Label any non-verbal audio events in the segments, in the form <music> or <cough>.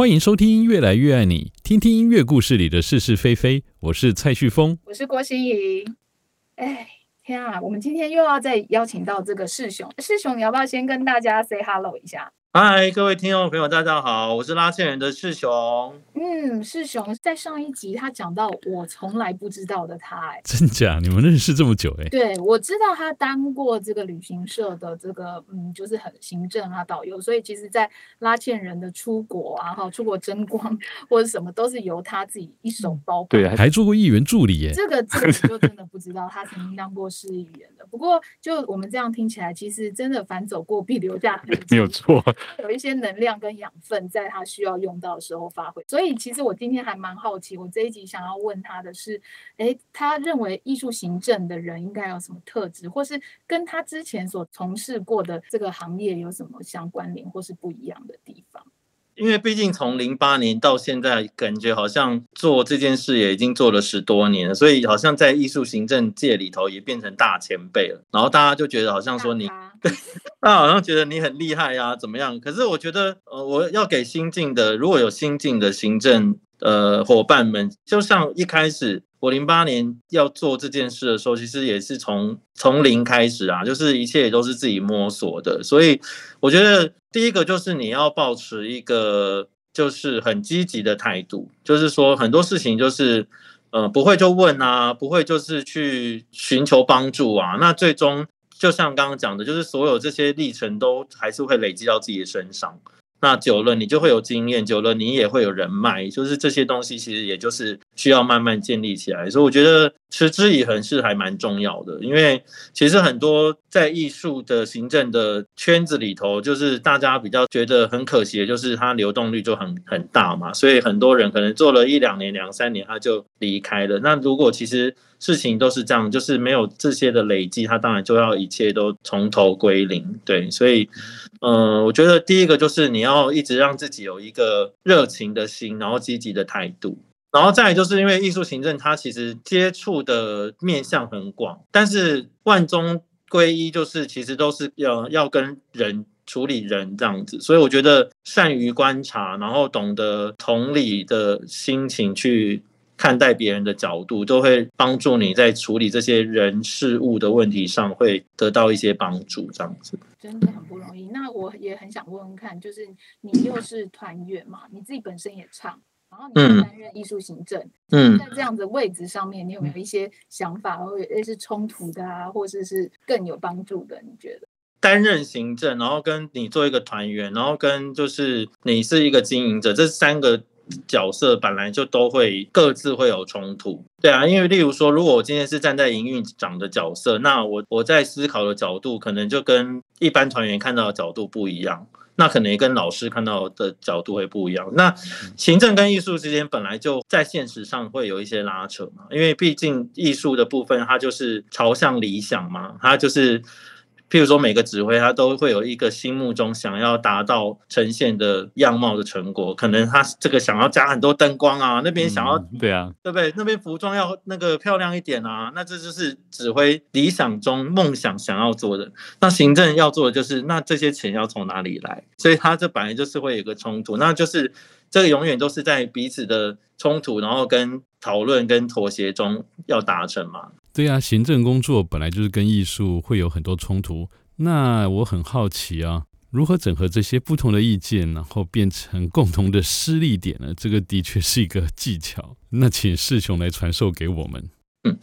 歡迎收聽《樂來越愛你》，聽聽音樂故事裡的是是非非。我是蔡旭峰，我是郭心怡。哎，天啊，我們今天又要再邀請到這個世雄。世雄，你要不要先跟大家 say hello 一下？嗨，各位聽眾朋友，大家好，我是拉縴人的世雄。嗯，世雄在上一集他講到我從來不知道的他、欸，哎，真假？你們認識這麼久、欸，哎，對，我知道他當過這個旅行社的這個，嗯，就是很行政啊，導遊，所以其實，在拉縴人的出國啊，哈，出國爭光或者什麼，都是由他自己一手包辦。對，還做過議員助理耶、欸，這個這個就真的不知道，他曾經當過市議員的。 <laughs> 不過，就我們這樣聽起來，其實真的凡走過必留下，沒有錯、啊，有一些能量跟養分，在他需要用到的時候發揮，所以。其實我今天還蠻好奇，我這一集想要問他的是，誒，他認為藝術行政的人應該有什麼特質，或是跟他之前所從事過的這個行業有什麼相關聯，或是不一樣的地方？因為畢竟從零八年到現在，感覺好像做這件事也已經做了十多年了，所以好像在藝術行政界裡頭也變成大前輩了。然後大家就覺得好像說你，啊， <laughs> <laughs> 好像覺得你很厲害啊，怎麼樣？可是我覺得，呃，我要給新進的，如果有新進的行政呃夥伴們，就像一開始。我零八年要做這件事的時候，其實也是從從零開始啊，就是一切也都是自己摸索的。所以我覺得第一個就是你要保持一個就是很積極的態度，就是說很多事情就是呃不會就問啊，不會就是去尋求幫助啊。那最終就像剛剛講的，就是所有這些歷程都還是會累積到自己的身上。那久了，你就會有經驗；久了，你也會有人脈。就是這些東西，其實也就是需要慢慢建立起來。所以我覺得，持之以恆是還蠻重要的，因為其實很多在藝術的行政的圈子裡頭，就是大家比較覺得很可惜的，就是它流動率就很很大嘛，所以很多人可能做了一兩年、兩三年他，啊、就離開了。那如果其實事情都是這樣，就是沒有這些的累積，它當然就要一切都從頭歸零。對，所以，嗯、呃，我覺得第一個就是你要一直讓自己有一個熱情的心，然後積極的態度。然後再來就是因為藝術行政，它其實接觸的面向很廣，但是萬中歸一，就是其實都是要要跟人處理人這樣子，所以我覺得善於觀察，然後懂得同理的心情去看待別人的角度，都會幫助你在處理這些人事物的問題上會得到一些幫助這樣子，真的很不容易。那我也很想問問看，就是你又是團員嘛，你自己本身也唱。然後你擔任藝術行政，嗯，在這樣的位置上面，你有沒有一些想法，嗯，或者是衝突的啊，或者是更有幫助的？你覺得擔任行政，然後跟你做一個團員，然後跟就是你是一個經營者，這三個角色本來就都會各自會有衝突。對啊，因為例如說，如果我今天是站在營運長的角色，那我我在思考的角度，可能就跟一般團員看到的角度不一樣。那可能也跟老師看到的角度會不一樣。那行政跟藝術之間本來就在現實上會有一些拉扯嘛，因為畢竟藝術的部分它就是朝向理想嘛，它就是。譬如說，每個指揮他都會有一個心目中想要達到呈現的樣貌的成果，可能他這個想要加很多燈光啊，那邊想要、嗯、對啊，對不對？那邊服裝要那個漂亮一點啊，那這就是指揮理想中夢想想要做的。那行政要做的就是，那這些錢要從哪裡來？所以他這本來就是會有一個衝突，那就是這個永遠都是在彼此的衝突，然後跟討論跟妥協中要達成嘛。對啊，行政工作本來就是跟藝術會有很多衝突。那我很好奇啊，如何整合這些不同的意見，然後變成共同的施力點呢？這個的確是一個技巧。那請世雄來傳授給我們。嗯，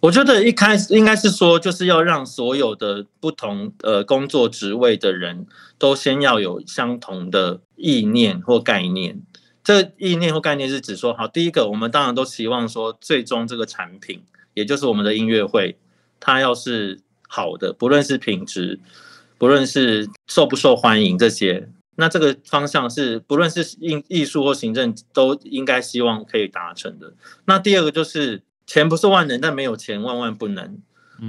我覺得一開始應該是說，就是要讓所有的不同呃工作職位的人都先要有相同的意念或概念。這個、意念或概念是指說，好，第一個，我們當然都希望說，最終這個產品。也就是我們的音樂會，它要是好的，不論是品質，不論是受不受歡迎這些，那這個方向是不論是藝藝術或行政都應該希望可以達成的。那第二個就是錢不是萬能，但沒有錢萬萬不能。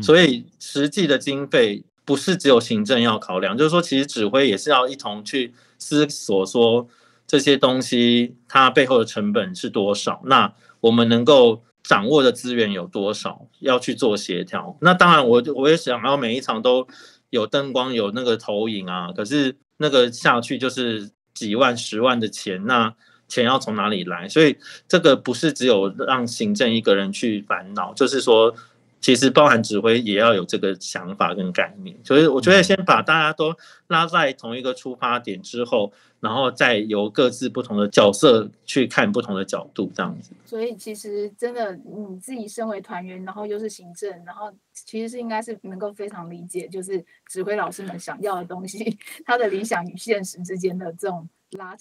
所以實際的經費不是只有行政要考量，就是說其實指揮也是要一同去思索說，這些東西它背後的成本是多少。那我們能夠。掌握的資源有多少？要去做協調。那當然我，我我也想要每一場都有燈光、有那個投影啊。可是那個下去就是幾萬、十萬的錢，那錢要從哪裡來？所以這個不是只有讓行政一個人去煩惱，就是說。其實包含指揮也要有這個想法跟概念，所以我覺得先把大家都拉在同一個出發點之後，然後再由各自不同的角色去看不同的角度，這樣子。所以其實真的你自己身為團員，然後又是行政，然後其實是應該是能夠非常理解，就是指揮老師們想要的東西，他的理想與現實之間的這種。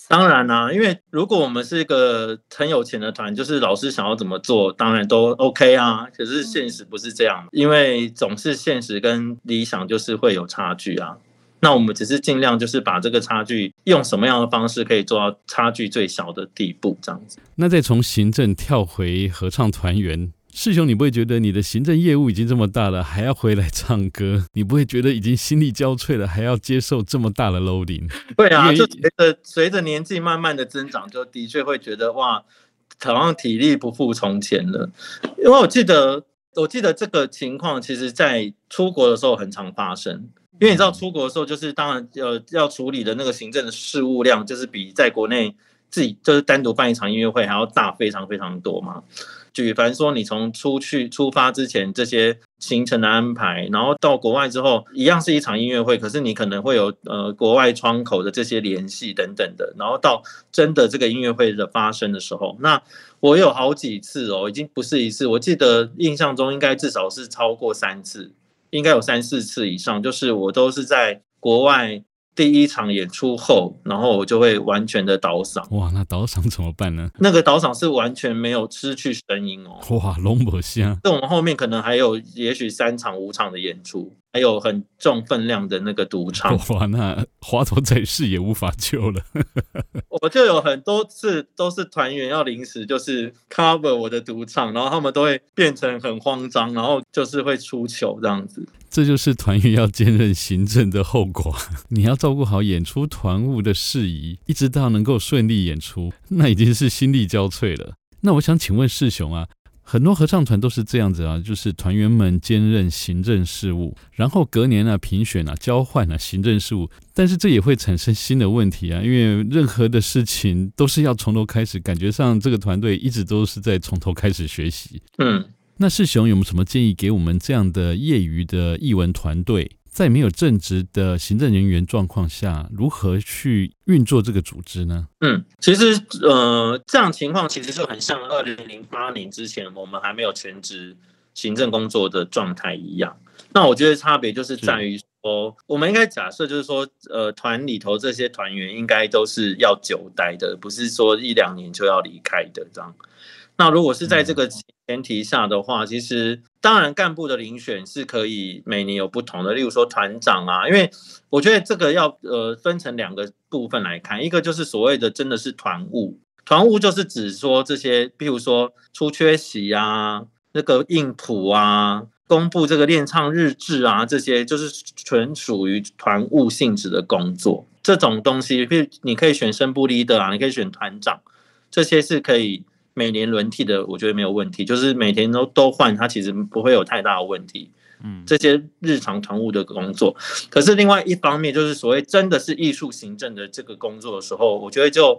當然啦、啊，因為如果我們是一個很有錢的團，就是老師想要怎麼做，當然都 OK 啊。可是現實不是這樣，因為總是現實跟理想就是會有差距啊。那我們只是盡量就是把這個差距，用什麼樣的方式可以做到差距最小的地步，這樣子。那再從行政跳回合唱團員。世雄，你不會覺得你的行政業務已經這麼大了，還要回來唱歌？你不會覺得已經心力交瘁了，還要接受這麼大的 loading？對啊，就覺得隨着年紀慢慢的增長，就的確會覺得哇，好像體力不復從前了。因為我記得，我記得這個情況，其實在出國的時候很常發生。因為你知道，出國的時候就是當然，要處理的那個行政的事務量，就是比在國內自己就是單獨辦一場音樂會還要大非常非常多嘛。比方說，你從出去出發之前這些行程的安排，然後到國外之後一樣是一場音樂會，可是你可能會有呃國外窗口的這些聯繫等等的，然後到真的這個音樂會的發生的時候，那我有好幾次哦，已經不是一次，我記得印象中應該至少是超過三次，應該有三四次以上，就是我都是在國外。第一場演出後，然後我就會完全的倒嗓。哇，那倒嗓怎麼辦呢？那個倒嗓是完全沒有失去聲音哦。哇，隆麼香！那我們後面可能還有，也許三場五場的演出，還有很重分量的那個獨唱。哇，那華佗再世也無法救了。 <laughs> 我就有很多次都是團員要臨時就是 cover 我的獨唱，然後他們都會變成很慌張，然後就是會出糗這樣子。這就是團員要兼任行政的後果。 <laughs> 你要照顧好演出團務的事宜，一直到能夠順利演出，那已經是心力交瘁了。那我想請問世雄啊，很多合唱團都是這樣子啊，就是團員們兼任行政事務，然後隔年啊評選啊、交換啊、行政事務，但是這也會產生新的問題啊，因為任何的事情都是要從頭開始，感覺上這個團隊一直都是在從頭開始學習。嗯。那世雄有沒有什麼建議給我們這樣的業餘的藝文團隊，在沒有正職的行政人員狀況下，如何去運作這個組織呢？嗯，其實，呃，這樣情況其實就很像二零零八年之前，我們還沒有全職行政工作的狀態一樣。那我覺得差別就是在於說，是我們應該假設就是說，呃，團裡頭這些團員應該都是要久待的，不是說一兩年就要離開的這樣。那如果是在這個前提下的話，嗯、其實當然幹部的遴選是可以每年有不同的。例如說團長啊，因為我覺得這個要呃分成兩個部分來看，一個就是所謂的真的是團務，團務就是指說這些，譬如說出缺席啊、那個應譜啊、公布這個練唱日誌啊，這些就是純屬於團務性質的工作。這種東西，譬如你你可以選聲部 leader 啊，你可以選團長，這些是可以。每年輪替的，我覺得沒有問題，就是每天都都換，它其實不會有太大的問題。嗯，這些日常團務的工作，可是另外一方面，就是所謂真的是藝術行政的這個工作的時候，我覺得就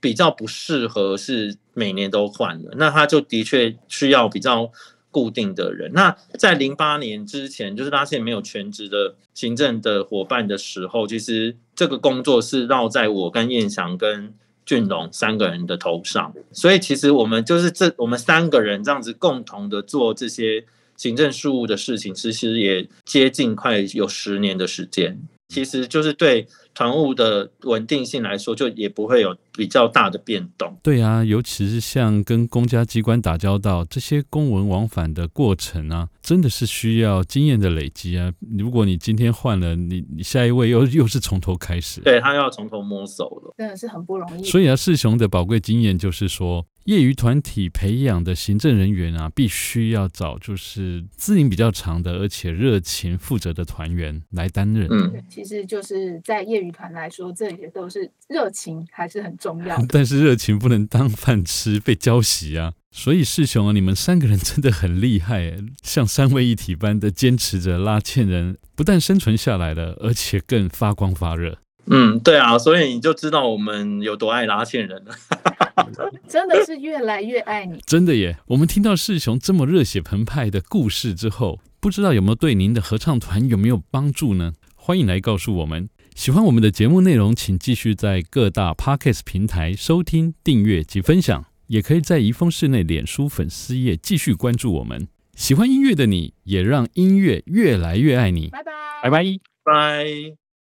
比較不適合是每年都換的。那他就的確需要比較固定的人。那在零八年之前，就是拉縴人沒有全職的行政的夥伴的時候，其實這個工作是繞在我跟燕翔跟。俊龍三個人的頭上，所以其實我們就是這我們三個人這樣子共同的做這些行政事務的事情，其實其實也接近快有十年的時間。其實就是對團務的穩定性來說，就也不會有比較大的變動。對啊，尤其是像跟公家機關打交道，這些公文往返的過程啊，真的是需要經驗的累積啊。如果你今天換了，你你下一位又又是從頭開始，對，他又要從頭摸索了，真的是很不容易。所以啊，世雄的寶貴經驗就是說。業餘團體培養的行政人員啊，必須要找就是資歷比較長的，而且熱情負責的團員來擔任。嗯，其實就是在業餘團來說，這些都是熱情還是很重要。但是熱情不能當飯吃，被澆熄啊！所以世雄啊，你們三個人真的很厲害，欸，像三位一體般的堅持着拉縴人，不但生存下來了，而且更發光發熱。嗯，對啊，所以你就知道我們有多愛拉縴人了。 <laughs> <laughs> 真的是越來越愛你， <laughs> 真的耶！我們聽到世雄這麼熱血澎湃的故事之後，不知道有沒有對您的合唱團有沒有幫助呢？歡迎來告訴我們。喜歡我們的節目內容，請繼續在各大 Podcast 平台收聽、訂閱及分享，也可以在怡豐室內臉書粉絲頁繼續關注我們。喜歡音樂的你也讓音樂越來越愛你。拜拜拜拜。Bye bye bye